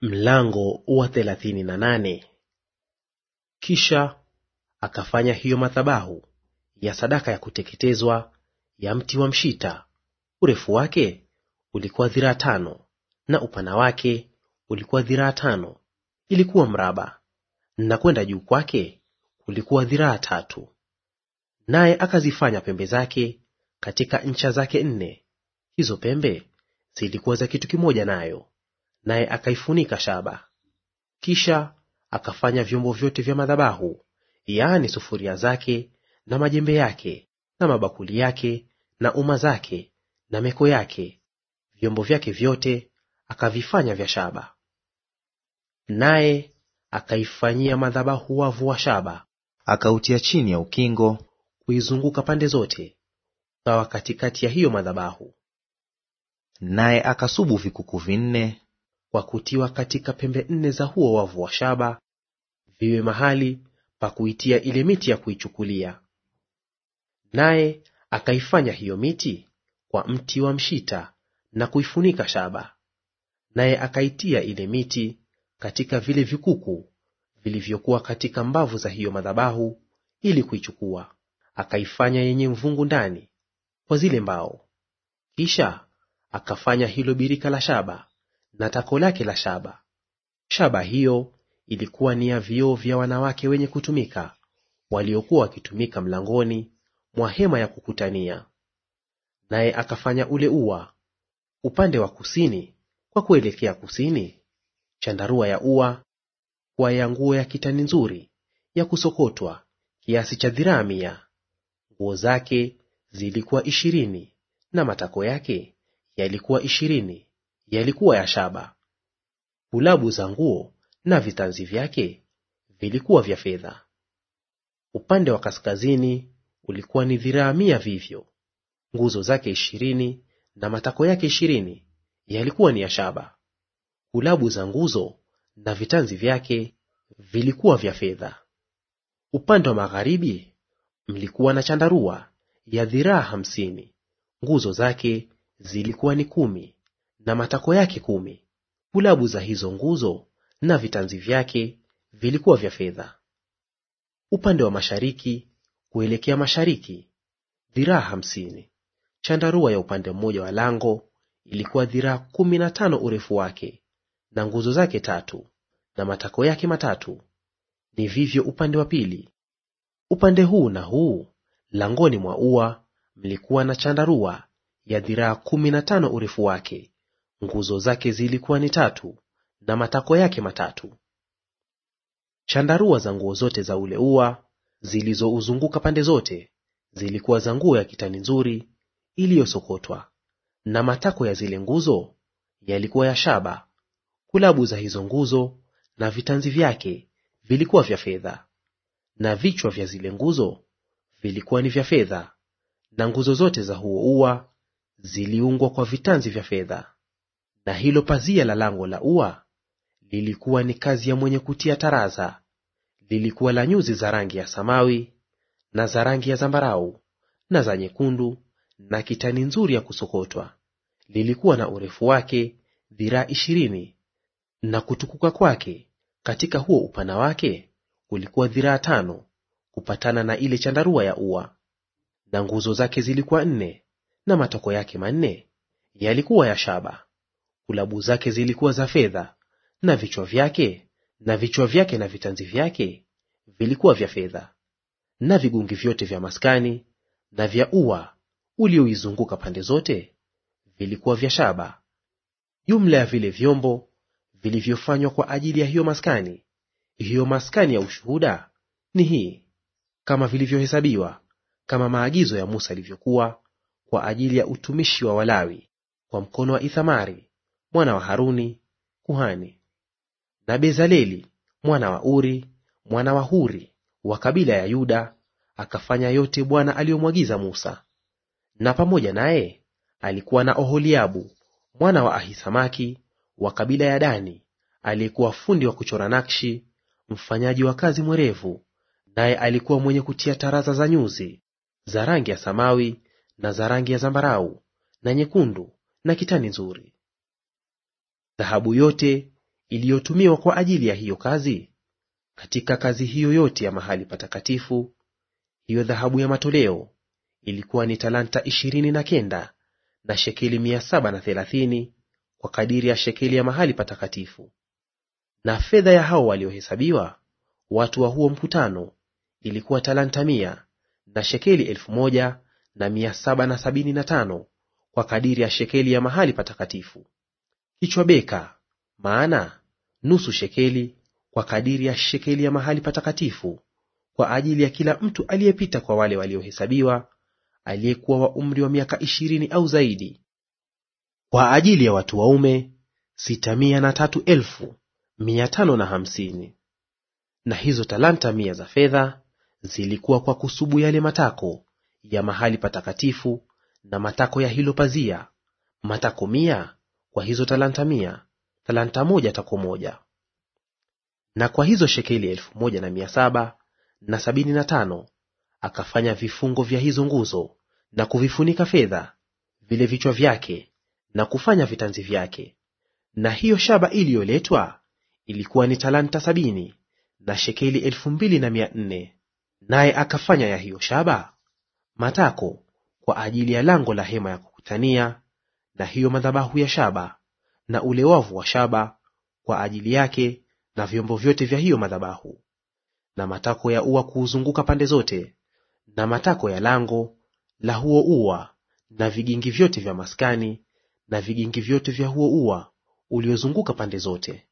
Mlango wa thelathini na nane. Kisha akafanya hiyo madhabahu ya sadaka ya kuteketezwa ya mti wa mshita, urefu wake ulikuwa dhiraa tano na upana wake ulikuwa dhiraa tano, ilikuwa mraba, na kwenda juu kwake kulikuwa dhiraa tatu. Naye akazifanya pembe zake katika ncha zake nne; hizo pembe zilikuwa za kitu kimoja nayo naye akaifunika shaba. Kisha akafanya vyombo vyote vya madhabahu, yaani sufuria zake na majembe yake na mabakuli yake na uma zake na meko yake, vyombo vyake vyote akavifanya vya shaba. Naye akaifanyia madhabahu wavu wa shaba, akautia chini ya ukingo kuizunguka pande zote, ukawa katikati ya hiyo madhabahu. Naye akasubu vikuku vinne kwa kutiwa katika pembe nne za huo wavu wa shaba, viwe mahali pa kuitia ile miti ya kuichukulia. Naye akaifanya hiyo miti kwa mti wa mshita na kuifunika shaba. Naye akaitia ile miti katika vile vikuku vilivyokuwa katika mbavu za hiyo madhabahu ili kuichukua. Akaifanya yenye mvungu ndani kwa zile mbao. Kisha akafanya hilo birika la shaba na tako lake la shaba. Shaba hiyo ilikuwa ni ya vioo vya wanawake wenye kutumika waliokuwa wakitumika mlangoni mwa hema ya kukutania. Naye akafanya ule ua upande wa kusini kwa kuelekea kusini, chandarua ya ua kwa ya nguo ya kitani nzuri ya kusokotwa kiasi cha dhiraa mia. Nguo zake zilikuwa ishirini na matako yake yalikuwa ishirini yalikuwa ya shaba. Kulabu za nguo na vitanzi vyake vilikuwa vya fedha. Upande wa kaskazini ulikuwa ni dhiraa mia vivyo. Nguzo zake ishirini na matako yake ishirini yalikuwa ni ya shaba. Kulabu za nguzo na vitanzi vyake vilikuwa vya fedha. Upande wa magharibi mlikuwa na chandarua ya dhiraa hamsini. Nguzo zake zilikuwa ni kumi na matako yake kumi. Kulabu za hizo nguzo na vitanzi vyake vilikuwa vya fedha. Upande wa mashariki kuelekea mashariki, dhiraa hamsini. Chandarua ya upande mmoja wa lango ilikuwa dhiraa kumi na tano urefu wake, na nguzo zake tatu na matako yake matatu; ni vivyo upande wa pili. Upande huu na huu langoni mwa ua mlikuwa na chandarua ya dhiraa kumi na tano urefu wake Nguzo zake zilikuwa ni tatu na matako yake matatu. Chandarua za nguo zote za ule ua zilizouzunguka pande zote zilikuwa za nguo ya kitani nzuri iliyosokotwa, na matako ya zile nguzo yalikuwa ya shaba. Kulabu za hizo nguzo na vitanzi vyake vilikuwa vya fedha, na vichwa vya zile nguzo vilikuwa ni vya fedha, na nguzo zote za huo ua ziliungwa kwa vitanzi vya fedha. Na hilo pazia la lango la ua lilikuwa ni kazi ya mwenye kutia taraza; lilikuwa la nyuzi za rangi ya samawi na za rangi ya zambarau na za nyekundu na kitani nzuri ya kusokotwa. Lilikuwa na urefu wake dhiraa ishirini, na kutukuka kwake katika huo upana wake kulikuwa dhiraa tano, kupatana na ile chandarua ya ua. Na nguzo zake zilikuwa nne, na matoko yake manne yalikuwa ya shaba. Kulabu zake zilikuwa za fedha, na vichwa vyake na vichwa vyake na vitanzi vyake vilikuwa vya fedha, na vigungi vyote vya maskani na vya ua ulioizunguka pande zote vilikuwa vya shaba. Jumla ya vile vyombo vilivyofanywa kwa ajili ya hiyo maskani, hiyo maskani ya ushuhuda, ni hii kama vilivyohesabiwa, kama maagizo ya Musa yalivyokuwa, kwa ajili ya utumishi wa Walawi kwa mkono wa Ithamari mwana wa Haruni kuhani, na Bezaleli mwana wa Uri mwana wa Huri wa kabila ya Yuda, akafanya yote Bwana aliyomwagiza Musa. Na pamoja naye alikuwa na Oholiabu mwana wa Ahisamaki wa kabila ya Dani, aliyekuwa fundi wa kuchora nakshi, mfanyaji wa kazi mwerevu, naye alikuwa mwenye kutia taraza za nyuzi za rangi ya samawi na za rangi ya zambarau na nyekundu na kitani nzuri. Dhahabu yote iliyotumiwa kwa ajili ya hiyo kazi, katika kazi hiyo yote ya mahali patakatifu, hiyo dhahabu ya matoleo ilikuwa ni talanta ishirini na kenda na shekeli mia saba na thelathini kwa kadiri ya shekeli ya mahali patakatifu. Na fedha ya hao waliohesabiwa watu wa huo mkutano ilikuwa talanta mia na shekeli elfu moja na mia saba na sabini na tano kwa kadiri ya shekeli ya mahali patakatifu kichwa beka, maana nusu shekeli kwa kadiri ya shekeli ya mahali patakatifu, kwa ajili ya kila mtu aliyepita kwa wale waliohesabiwa, aliyekuwa wa umri wa miaka ishirini au zaidi. Kwa ajili ya watu waume sita mia na tatu elfu mia tano na hamsini. Na hizo talanta mia za fedha zilikuwa kwa kusubu yale matako ya mahali patakatifu na matako ya hilo pazia, matako mia kwa hizo talanta mia, talanta moja tako moja, na kwa hizo shekeli elfu moja na mia saba na sabini na tano akafanya vifungo vya hizo nguzo na kuvifunika fedha vile vichwa vyake na kufanya vitanzi vyake. Na hiyo shaba iliyoletwa ilikuwa ni talanta sabini na shekeli elfu mbili na mia nne naye akafanya ya hiyo shaba matako kwa ajili ya lango la hema ya kukutania na hiyo madhabahu ya shaba na ule wavu wa shaba kwa ajili yake na vyombo vyote vya hiyo madhabahu na matako ya ua kuuzunguka pande zote na matako ya lango la huo ua na vigingi vyote vya maskani na vigingi vyote vya huo ua uliozunguka pande zote.